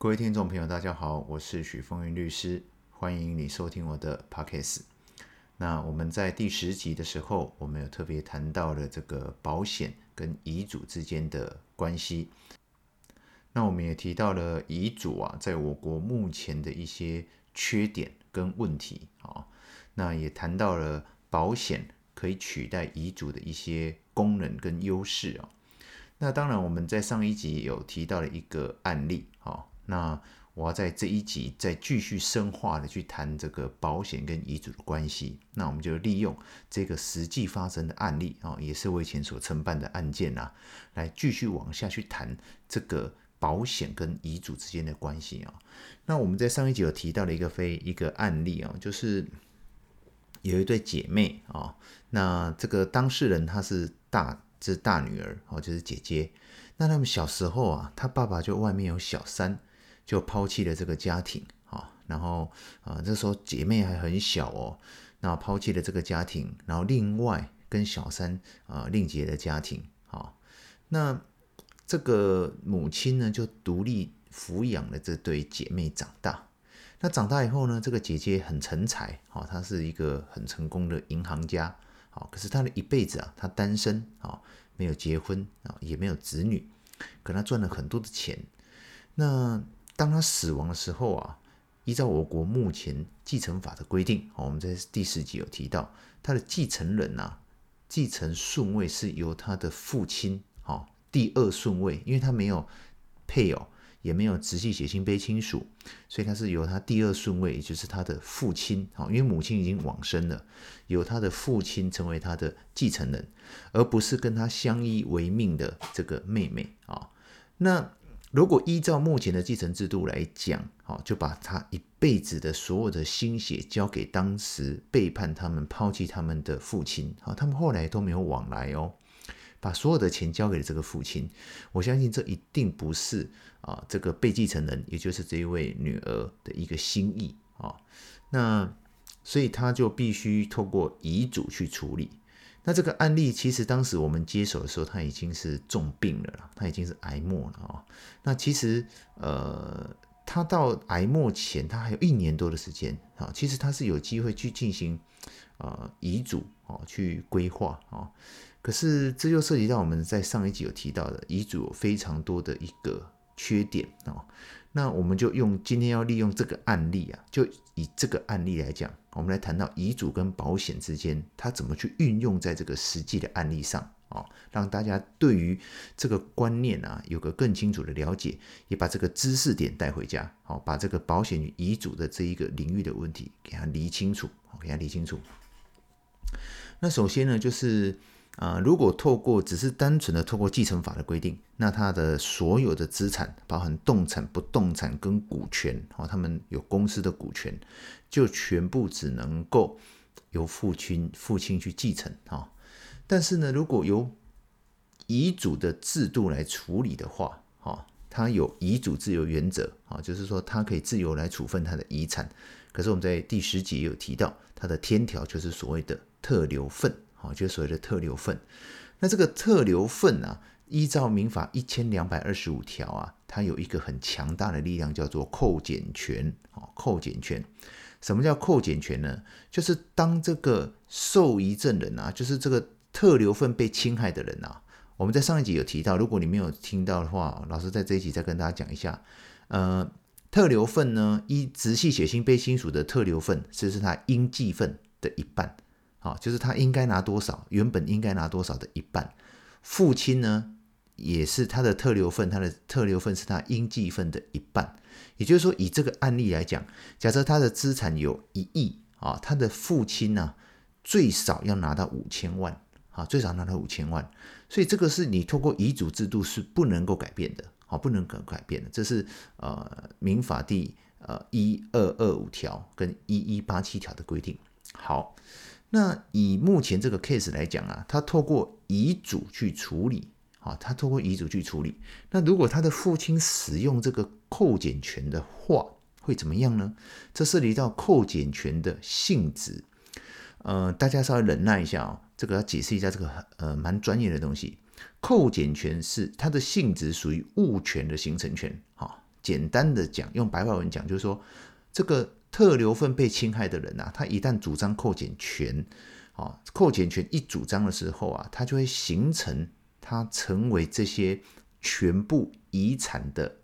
各位聽眾朋友，大家好，我是許峰源律師，歡迎你收聽我的 podcast。那我們在第十集的時候，我們有特別談到了這個保險跟遺囑之間的關係。那我們也提到了遺囑啊，在我國目前的一些缺點跟問題啊，那也談到了保險可以取代遺囑的一些功能跟優勢啊。那當然，我們在上一集有提到了一個案例啊。那我要在這一集再繼續深化的去談這個保險跟遺囑的關係。那我們就利用這個實際發生的案例啊，也是我以前所承辦的案件啊，來繼續往下去談這個保險跟遺囑之間的關係啊。那我們在上一集有提到了一個非一個案例啊，就是有一對姐妹啊，那這個當事人她是大，就是大女兒哦，就是姐姐。那他們小時候啊，她爸爸就外面有小三。就拋棄了這個家庭啊，然後啊、呃，這時候姐妹還很小哦，那拋棄了這個家庭，然後另外跟小三啊，另結了家庭啊、哦，那這個母親呢就獨立撫養了這對姐妹長大。那長大以後呢，這個姐姐很成才啊、哦，她是一個很成功的銀行家啊、哦，可是她的一輩子啊，她單身啊、哦，沒有結婚啊、哦，也沒有子女，可她賺了很多的錢，那。當他死亡的時候啊，依照我國目前繼承法的規定，我們在第十集有提到，他的繼承人呢、啊，繼承順位是由他的父親，第二順位，因為他沒有配偶，也沒有直系血親卑親屬，所以他是由他第二順位，也就是他的父親，因為母親已經往生了，由他的父親成為他的繼承人，而不是跟他相依為命的這個妹妹啊，那。如果依照目前的繼承制度來講，好，就把他一輩子的所有的心血交給當時背叛他們、拋棄他們的父親，啊，他們後來都沒有往來哦，把所有的錢交給了這個父親。我相信這一定不是啊，這個被繼承人，也就是這一位女兒的一個心意啊。那所以他就必須透過遺囑去處理。那這個案例，其實當時我們接手的時候，他已經是重病了，他已經是癌末了。那其實，呃，他到癌末前，他還有一年多的時間啊。其實他是有機會去進行，呃，遺囑啊，去規劃啊。可是這又涉及到我們在上一集有提到的遺囑有非常多的一個缺點啊。哦那我們就用今天要利用這個案例啊，就以這個案例來講，我們來談到遺囑跟保險之間，它怎麼去運用在這個實際的案例上啊、哦，讓大家對於這個觀念啊有個更清楚的了解，也把這個知識點帶回家，好、哦，把這個保險與遺囑的這一個領域的問題給它理清楚、哦，給它理清楚。那首先呢，就是。啊、呃，如果透過只是單純的透過繼承法的規定，那他的所有的資產，包含動產、不動產跟股權，哦，他們有公司的股權，就全部只能夠由父親父親去繼承啊、哦。但是呢，如果由遺囑的制度來處理的話，哈、哦，他有遺囑自由原則，啊、哦，就是說他可以自由來處分他的遺產。可是我們在第十集有提到，他的天條就是所謂的特留分。好，就所謂的特留分。那這個特留分啊，依照民法一千兩百二十五條啊，它有一個很強大的力量，叫做扣減權。哦，扣減權。什麼叫扣減權呢？就是當這個受遺贈人啊，就是這個特留分被侵害的人啊，我們在上一集有提到，如果你沒有聽到的話，老師在這一集再跟大家講一下。呃，特留分呢，一直系血親卑親屬的特留分，這、就是他應繼分的一半。啊，就是他應該拿多少，原本應該拿多少的一半。父親呢，也是他的特留份，他的特留份是他應繼份的一半。也就是說，以這個案例來講，假設他的資產有一億，啊，他的父親呢，啊，最少要拿到五千萬，啊，最少要拿到五千萬。所以這個是你透過遺囑制度是不能夠改變的，啊，不能改改變的。這是呃民法第呃一二二五條跟一一八七條的規定。好。那以目前這個 case 來講啊，他透過遺囑去處理，啊，他透過遺囑去處理。那如果他的父親使用這個扣減權的話，會怎麼樣呢？這涉及到扣減權的性質。呃，大家稍微忍耐一下哦，這個要解釋一下這個呃蠻專業的東西。扣減權是它的性質屬於物權的形成權。好、哦，簡單的講，用白話文講就是說，這個。特留份被侵害的人吶、啊，他一旦主張扣減權，啊，扣減權一主張的時候啊，他就會形成他成為這些全部遺產的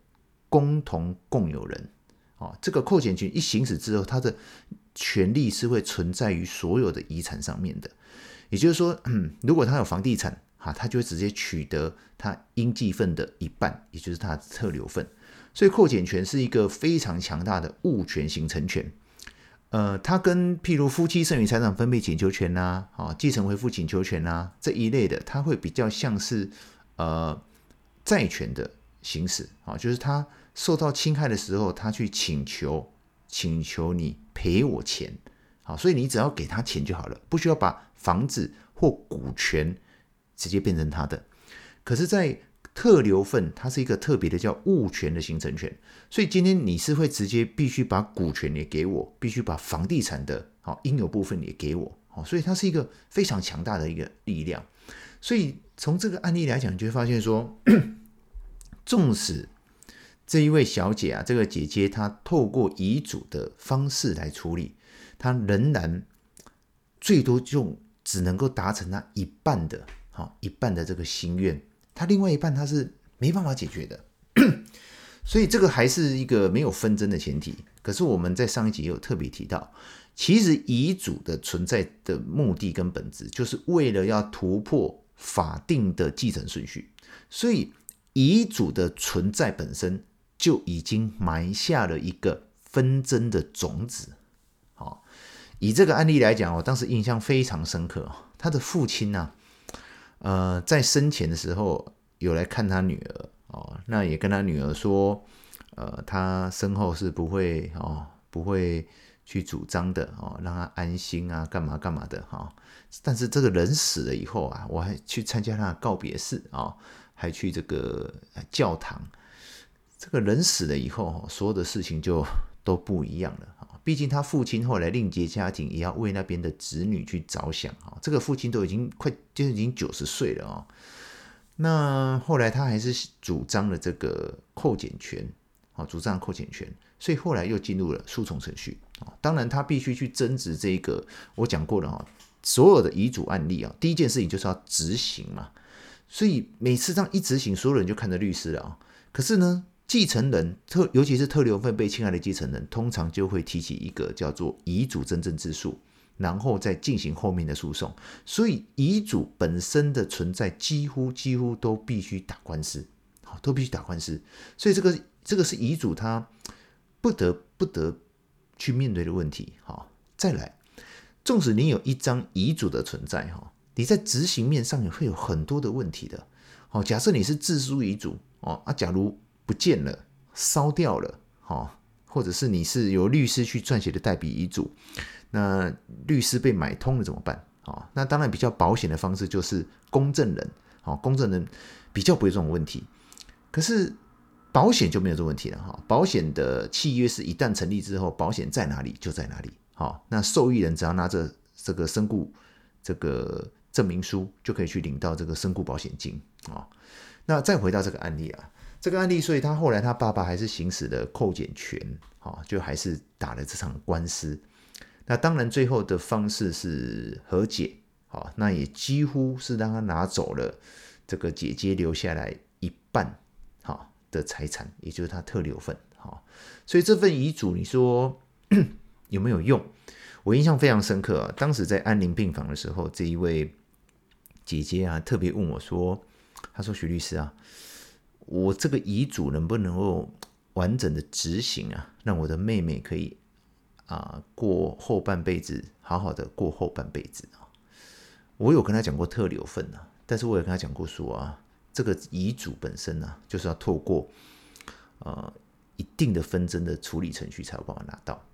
共同共有人，啊，這個扣減權一行使之後，他的權利是會存在於所有的遺產上面的，也就是說，嗯，如果他有房地產，哈，他就會直接取得他應繼分的一半，也就是他的特留份。所以扣減權是一個非常強大的物權形成權，呃，它跟譬如夫妻剩餘財產分配請求權吶，啊，啊，繼承回復請求權吶、啊、這一類的，它會比較像是呃債權的行使啊，就是他受到侵害的時候，他去請求請求你賠我錢啊，所以你只要給他錢就好了，不需要把房子或股權直接變成他的。可是，在特留分，它是一個特別的叫物權的形成權，所以今天你是會直接必須把股權也給我，必須把房地產的啊應有部分也給我，好，所以它是一個非常強大的一個力量。所以從這個案例來講，你就會發現說，縱使這一位小姐啊，這個姐姐她透過遺囑的方式來處理，她仍然最多就只能夠達成她一半的，好一半的這個心願。他另外一半他是沒辦法解決的， 所以這個還是一個沒有紛爭的前提。可是我們在上一集也有特別提到，其實遺囑的存在的目的跟本質，就是為了要突破法定的繼承順序，所以遺囑的存在本身就已經埋下了一個紛爭的種子。好，以這個案例來講，我當時印象非常深刻，他的父親呢、啊。呃，在生前的時候有來看他女兒哦，那也跟他女兒說，呃，他身後是不會哦，不會去主張的哦，讓他安心啊，幹嘛幹嘛的哈、哦。但是這個人死了以後啊，我還去參加他的告別式啊、哦，還去這個教堂。這個人死了以後，所有的事情就都不一樣了。畢竟他父親後來另結家庭，也要為那邊的子女去着想啊。這個父親都已經快就已經九十歲了啊，哦。那後來他還是主張了這個扣減權啊，主張扣減權，所以後來又進入了訴訟程序啊。當然他必須去爭執這個，我講過了哈，哦，所有的遺囑案例啊，哦，第一件事情就是要執行嘛。所以每次這樣一執行，所有人就看着律師了啊，哦。可是呢？繼承人特尤其是特留份被侵害的繼承人，通常就會提起一個叫做遺囑真正之訴，然後再進行後面的訴訟。所以遺囑本身的存在，幾乎幾乎都必須打官司，好，都必須打官司。所以這個這個是遺囑他不得不得去面對的問題。好，再來，縱使你有一張遺囑的存在，哈，你在執行面上也會有很多的問題的。好，假設你是自書遺囑，哦啊，假如不見了，燒掉了，或者是你是由律師去撰寫的代筆遺囑，那律師被買通了怎麼辦？啊，那當然比較保險的方式就是公證人，公證人比較不會這種問題。可是保險就沒有這問題了，哈，保險的契約是一旦成立之後，保險在哪裡就在哪裡，那受益人只要拿着這個身故這個證明書，就可以去領到這個身故保險金，啊，那再回到這個案例啊。這個案例，所以他後來他爸爸還是行使了扣減權，哈，就還是打了這場官司。那當然最後的方式是和解，好，那也幾乎是讓他拿走了這個姐姐留下來一半，好，的財產，也就是他特留份，好。所以這份遺囑，你說 有沒有用？我印象非常深刻啊，當時在安寧病房的時候，這一位姐姐啊，特別問我說：“他說許律師啊。”我這個遺囑能不能夠完整的執行啊？讓我的妹妹可以啊、呃、過後半輩子好好的過後半輩子啊！我有跟他講過特留份啊，但是我有跟他講過說啊，這個遺囑本身呢、啊，就是要透過呃一定的紛爭的處理程序才有辦法拿到。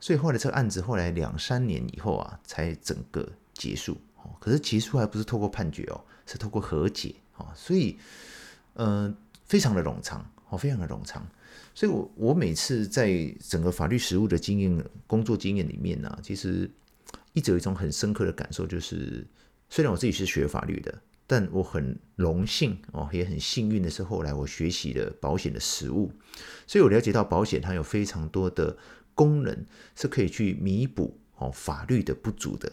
所以後來這個案子後來兩三年以後啊，才整個結束，可是結束還不是透過判決哦，是透過和解啊。所以嗯。呃非常的冗長哦，非常的冗長，所以我，我我每次在整個法律實務的經驗工作經驗裡面呢、啊，其實一直有一種很深刻的感受，就是雖然我自己是學法律的，但我很榮幸哦，也很幸運的是，後來我學習的保險的實務，所以我了解到保險它有非常多的功能是可以去彌補哦法律的不足的，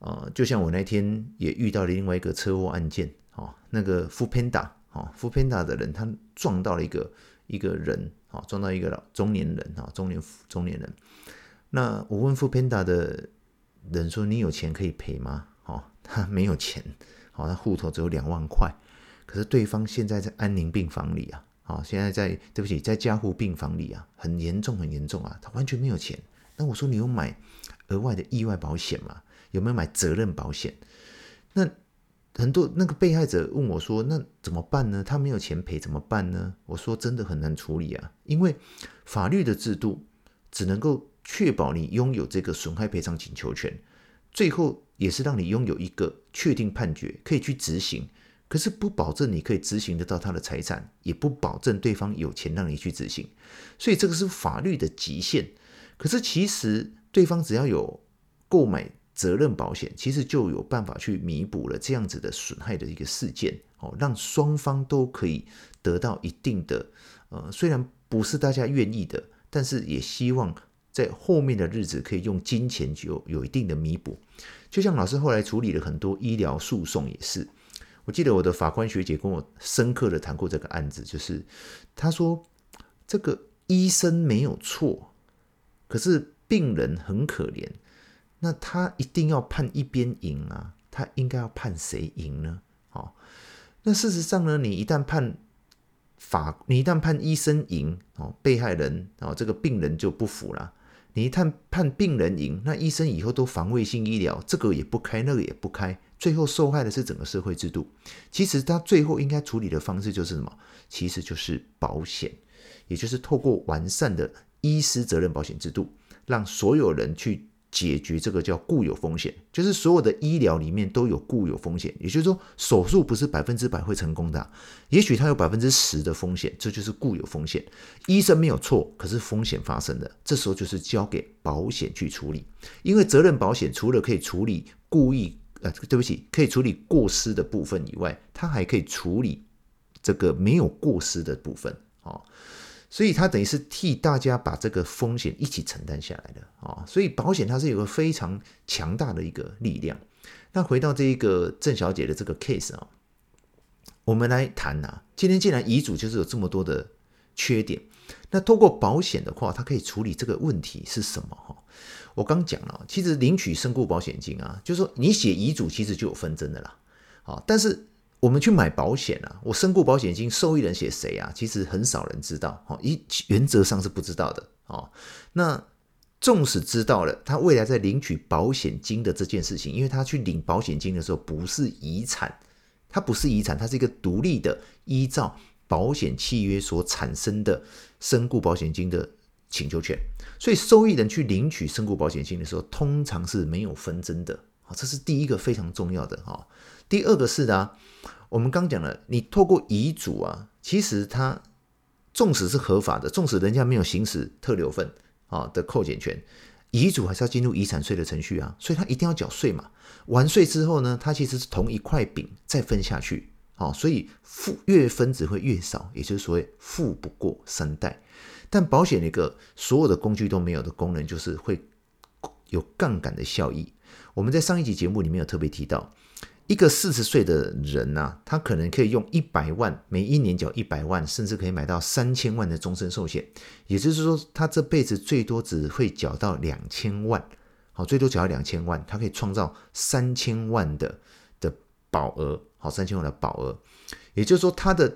呃，就像我那天也遇到了另外一個車禍案件哦，那個富胖達。哦，foodpanda 的人，他撞到了一個一個人，哦，撞到一個老中年人，啊、哦，中年中年人。那我問 foodpanda 的人說：“你有錢可以賠嗎？”哦、他沒有錢，好、哦，他戶頭只有兩萬塊。可是對方現在在安寧病房裡啊，啊、哦，現在在對不起，在加護病房裡啊，很嚴重，很嚴重啊，他完全沒有錢。那我說：“你有買額外的意外保險嗎？有沒有買責任保險？”那很多那個被害者問我說：“那怎麼辦呢？他沒有錢賠怎麼辦呢？”我說：“真的很難處理啊，因為法律的制度只能夠確保你擁有這個損害賠償請求權，最後也是讓你擁有一個確定判決可以去執行，可是不保證你可以執行得到他的財產，也不保證對方有錢讓你去執行，所以這個是法律的極限。可是其實對方只要有購買。”責任保險其實就有辦法去彌補了這樣子的損害的一個事件，哦，讓雙方都可以得到一定的，呃，雖然不是大家願意的，但是也希望在後面的日子可以用金錢就有一定的彌補。就像老師後來處理了很多醫療訴訟也是，我記得我的法官學姐跟我深刻的談過這個案子，就是她說這個醫生沒有錯，可是病人很可憐。那他一定要判一邊贏啊？他應該要判誰贏呢？哦，那事實上呢，你一旦判法，你一旦判醫生贏哦，被害人哦，這個病人就不服了。你一旦判病人贏，那醫生以後都防衛性醫療，這個也不開，那個也不開，最後受害的是整個社會制度。其實他最後應該處理的方式就是什麼？其實就是保險，也就是透過完善的醫師責任保險制度，讓所有人去。解決這個叫固有風險，就是所有的醫療裡面都有固有風險，也就是說手術不是百分之百會成功的，啊，也許它有百分之十的風險，這就是固有風險。醫生沒有錯，可是風險發生了，這時候就是交給保險去處理，因為責任保險除了可以處理故意，呃，對不起，可以處理過失的部分以外，它還可以處理這個沒有過失的部分啊。哦所以他等於是替大家把這個風險一起承擔下來的啊，所以保險它是有個非常強大的一個力量。那回到這一個鄭小姐的這個 case 啊，我們來談啊，今天既然遺囑就是有這麼多的缺點，那通過保險的話，它可以處理這個問題是什麼？哈，我剛講了，其實領取身故保險金啊，就是說你寫遺囑其實就有紛爭的啦，啊，但是。我們去買保險啊，我身故保險金受益人寫誰啊？其實很少人知道，一原則上是不知道的，那縱使知道了，他未來在領取保險金的這件事情，因為他去領保險金的時候不是遺產，他不是遺產，他是一個獨立的，依照保險契約所產生的身故保險金的請求權，所以受益人去領取身故保險金的時候，通常是沒有紛爭的，啊，這是第一個非常重要的，第二個是啊，我們剛講了，你透過遺囑啊，其實它縱使是合法的，縱使人家沒有行使特留份，啊的扣減權，遺囑還是要進入遺產稅的程序啊，所以它一定要繳稅嘛。完稅之後呢，它其實是同一塊餅再分下去，啊，所以富越分只會越少，也就是所謂富不過三代。但保險的一個所有的工具都沒有的功能，就是會有槓桿的效益。我們在上一集節目裡面有特別提到。一個四十歲的人吶，啊，他可能可以用一百萬，每一年繳一百萬，甚至可以買到三千萬的終身壽險。也就是說，他這輩子最多只會繳到兩千萬，好，最多繳到兩千萬，他可以創造三千萬的的保額，好，三千萬的保額。也就是說，他的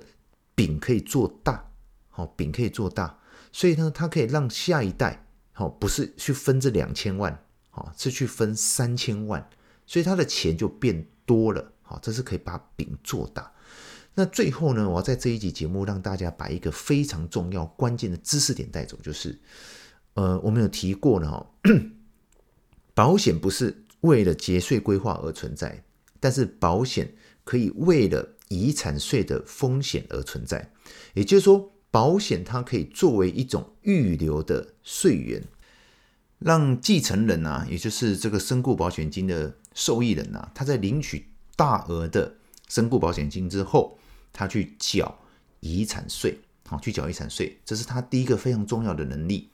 餅可以做大，好，餅可以做大，所以呢，他可以讓下一代，好，不是去分這兩千萬，好，是去分三千萬，所以他的錢就變。多了，好，這是可以把餅做大。那最後呢，我要在這一集節目讓大家把一個非常重要、關鍵的知識點帶走，就是，呃，我們有提過呢、哦，保險不是為了節稅規劃而存在，但是保險可以為了遺產稅的風險而存在，也就是說，保險它可以作為一種預留的稅源。讓繼承人吶、啊，也就是這個身故保險金的受益人吶、啊，他在領取大額的身故保險金之後，他去繳遺產稅，好、哦，去繳遺產稅，這是他第一個非常重要的能力。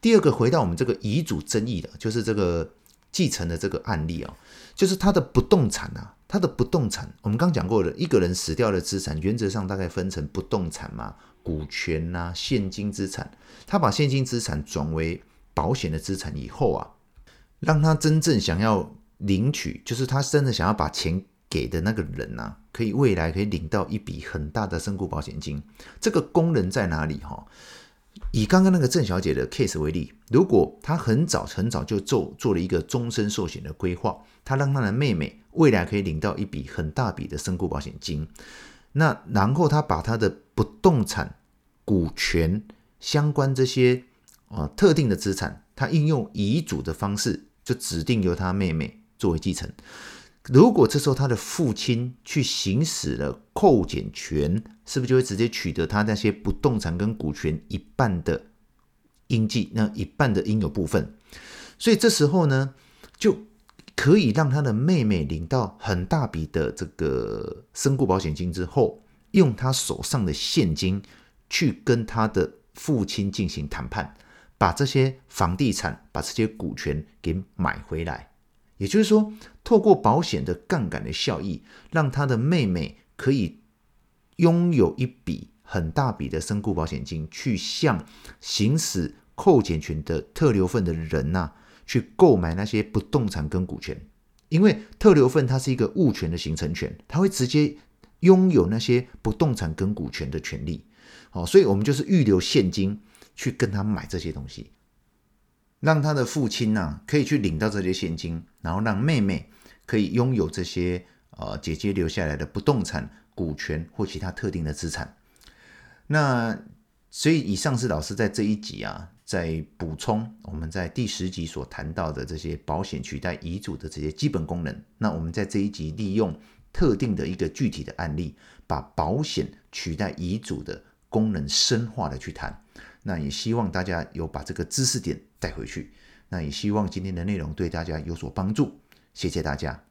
第二個，回到我們這個遺囑爭議的，就是這個繼承的這個案例啊，就是他的不動產啊，他的不動產，我們剛講過的，一個人死掉的資產，原則上大概分成不動產嘛、股權吶、啊、現金資產，他把現金資產轉為。保險的資產以後啊，讓他真正想要領取，就是他真的想要把錢給的那個人吶、啊，可以未來可以領到一筆很大的身故保險金。這個功能在哪裡哈？以剛剛那個鄭小姐的 case 為例，如果她很早很早就做做了一個終身壽險的規劃，她讓她的妹妹未來可以領到一筆很大筆的身故保險金。那然後她把她的不動產、股權相關這些。啊，特定的資產，他應用遺囑的方式，就指定由他妹妹作為繼承。如果這時候他的父親去行使了扣減權，是不是就會直接取得他那些不動產跟股權一半的應繼，那一半的應有部分？所以這時候呢，就可以讓他的妹妹領到很大筆的這個身故保險金之後，用他手上的現金去跟他的父親進行談判。把這些房地產、把這些股權給買回來，也就是說，透過保險的槓桿的效益，讓他的妹妹可以擁有一筆很大筆的身故保險金，去向行使扣減權的特留份的人吶、啊，去購買那些不動產跟股權。因為特留份它是一個物權的形成權，它會直接擁有那些不動產跟股權的權利。好，所以我們就是預留現金。去跟他買這些東西，讓他的父親呢、啊、可以去領到這些現金，然後讓妹妹可以擁有這些呃姐姐留下來的不動產、股權或其他特定的資產。那所以，以上是老師在這一集啊，在補充我們在第十集所談到的這些保險取代遺囑的這些基本功能。那我們在這一集利用特定的一個具體的案例，把保險取代遺囑的功能深化的去談。那也希望大家有把這個知識點帶回去，那也希望今天的內容對大家有所幫助，謝謝大家。